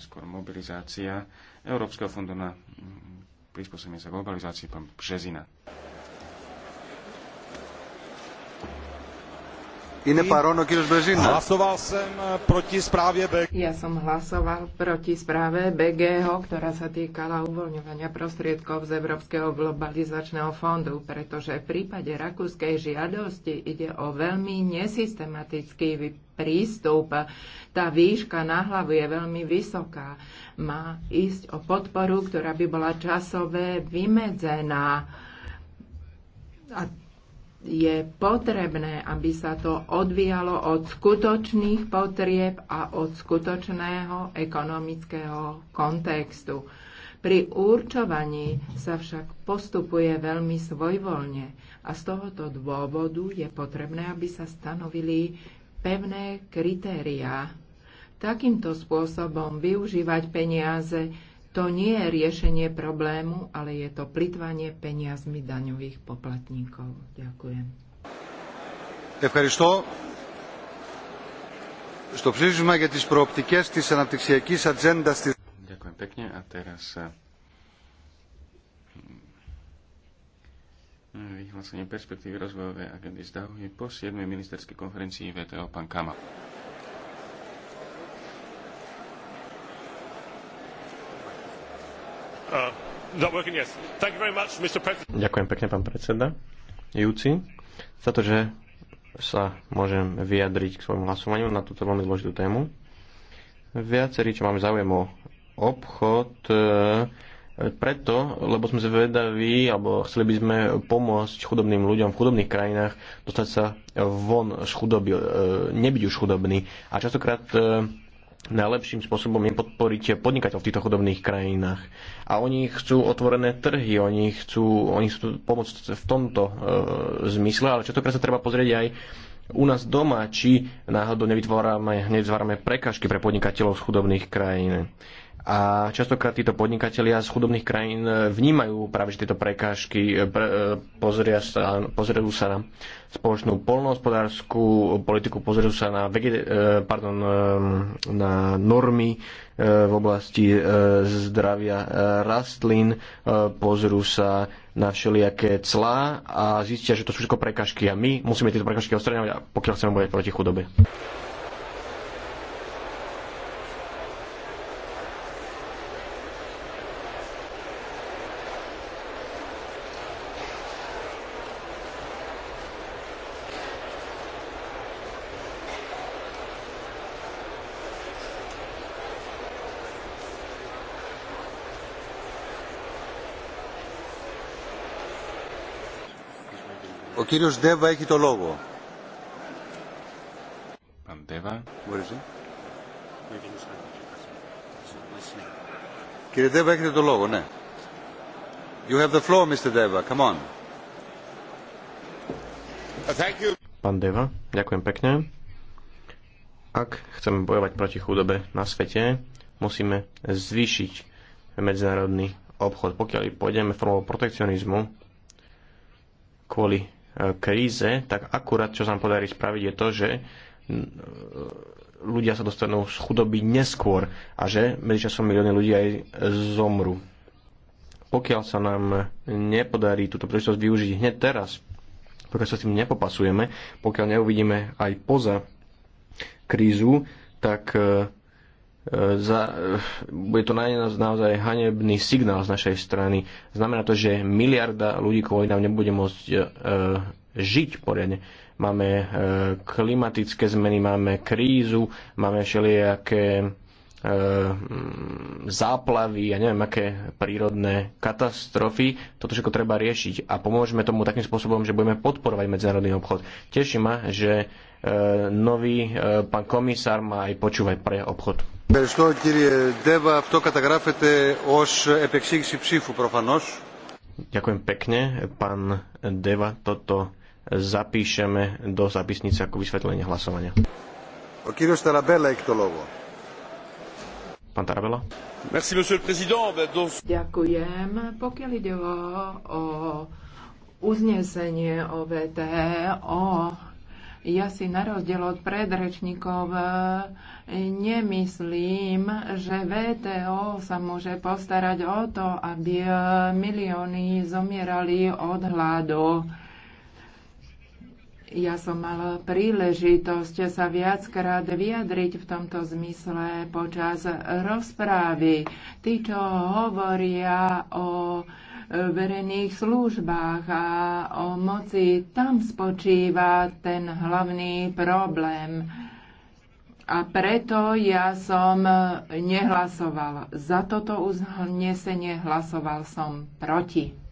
najskôr mobilizácia Európskeho fondu na prispôsobenie sa globalizácii, pán Březina. Hlasoval som eh, proti správe BG. Ja som hlasoval proti správe BGho, ktorá sa týkala uvoľňovania prostriedkov z Európskeho globalizačného fondu, pretože v prípade rakúskej žiadosti ide o veľmi nesystematický prístup. Tá výška na hlavu je veľmi vysoká. Má ísť o podporu, ktorá by bola časové vymedzená. A je potrebné, aby sa to odvíjalo od skutočných potrieb a od skutočného ekonomického kontextu. Pri určovaní sa však postupuje veľmi svojvoľne a z tohoto dôvodu je potrebné, aby sa stanovili pevné kritériá. Takýmto spôsobom využívať peniaze to nie je riešenie problému, ale je to plitvanie peniazmi daňových poplatníkov. Ďakujem. Ευχαριστώ. Στο ψήφισμα για τις προοπτικές της αναπτυξιακής ατζέντας της... Ďakujem pekne a teraz hm, vyhlásenie perspektívy rozvojovej agendy z je po 7. ministerskej konferencii VTO pán Kama. Uh, Ďakujem pekne, pán predseda. Júci, za to, že sa môžem vyjadriť k svojmu hlasovaniu na túto veľmi zložitú tému. Viacerí, čo máme záujem o obchod, eh, preto, lebo sme zvedaví, alebo chceli by sme pomôcť chudobným ľuďom v chudobných krajinách dostať sa von z chudoby, eh, nebyť už chudobný. A častokrát eh, najlepším spôsobom je podporiť podnikateľov v týchto chudobných krajinách. A oni chcú otvorené trhy, oni chcú, oni chcú pomôcť v tomto e, zmysle, ale to sa treba pozrieť aj u nás doma, či náhodou nevytvárame, nevytvárame prekažky pre podnikateľov z chudobných krajín a častokrát títo podnikatelia z chudobných krajín eh, vnímajú práve že tieto prekážky, eh, pre, eh, pozria sa, sa na spoločnú polnohospodárskú politiku, pozrú sa na, vegeta- pardon, na normy v oblasti zdravia rastlín, pozrú sa na všelijaké clá a zistia, že to sú všetko prekažky a my musíme tieto prekažky odstraňovať, pokiaľ chceme bojať proti chudobe. Ο You have the floor, Mr. Deva. Come on. Thank you. Pán Deva, ďakujem pekne. Ak chceme bojovať proti chudobe na svete, musíme zvýšiť medzinárodný obchod. Pokiaľ pôjdeme formou protekcionizmu kvôli kríze, tak akurát, čo sa nám podarí spraviť, je to, že e, ľudia sa dostanú z chudoby neskôr a že medzičasom milióny ľudí aj zomru. Pokiaľ sa nám nepodarí túto príležitosť využiť hneď teraz, pokiaľ sa s tým nepopasujeme, pokiaľ neuvidíme aj poza krízu, tak e, E, za, e, bude to na nás naozaj hanebný signál z našej strany. Znamená to, že miliarda ľudí kvôli nám nebude môcť uh, žiť poriadne. Máme uh, klimatické zmeny, máme krízu, máme všelijaké uh, záplavy a ja neviem aké prírodné katastrofy. Toto všetko treba riešiť a pomôžeme tomu takým spôsobom, že budeme podporovať medzinárodný obchod. Teší ma, že nový pán komisár má aj počúvať pre obchod. Ευχαριστώ κύριε Ντέβα. Αυτό καταγράφεται ως επεξήγηση ψήφου προφανώς. Ďakujem pekne, pán Deva. Toto zapíšeme do zapisnice ako vysvetlenie hlasovania. O je to logo. Pán Tarabella. Merci, monsieur le président. Ďakujem. Pokiaľ ide o, o uznesenie o VTO, ja si na rozdiel od predrečníkov e, nemyslím, že VTO sa môže postarať o to, aby e, milióny zomierali od hladu. Ja som mal príležitosť sa viackrát vyjadriť v tomto zmysle počas rozprávy. Tí, čo hovoria o verejných službách a o moci. Tam spočíva ten hlavný problém. A preto ja som nehlasoval. Za toto uznesenie hlasoval som proti.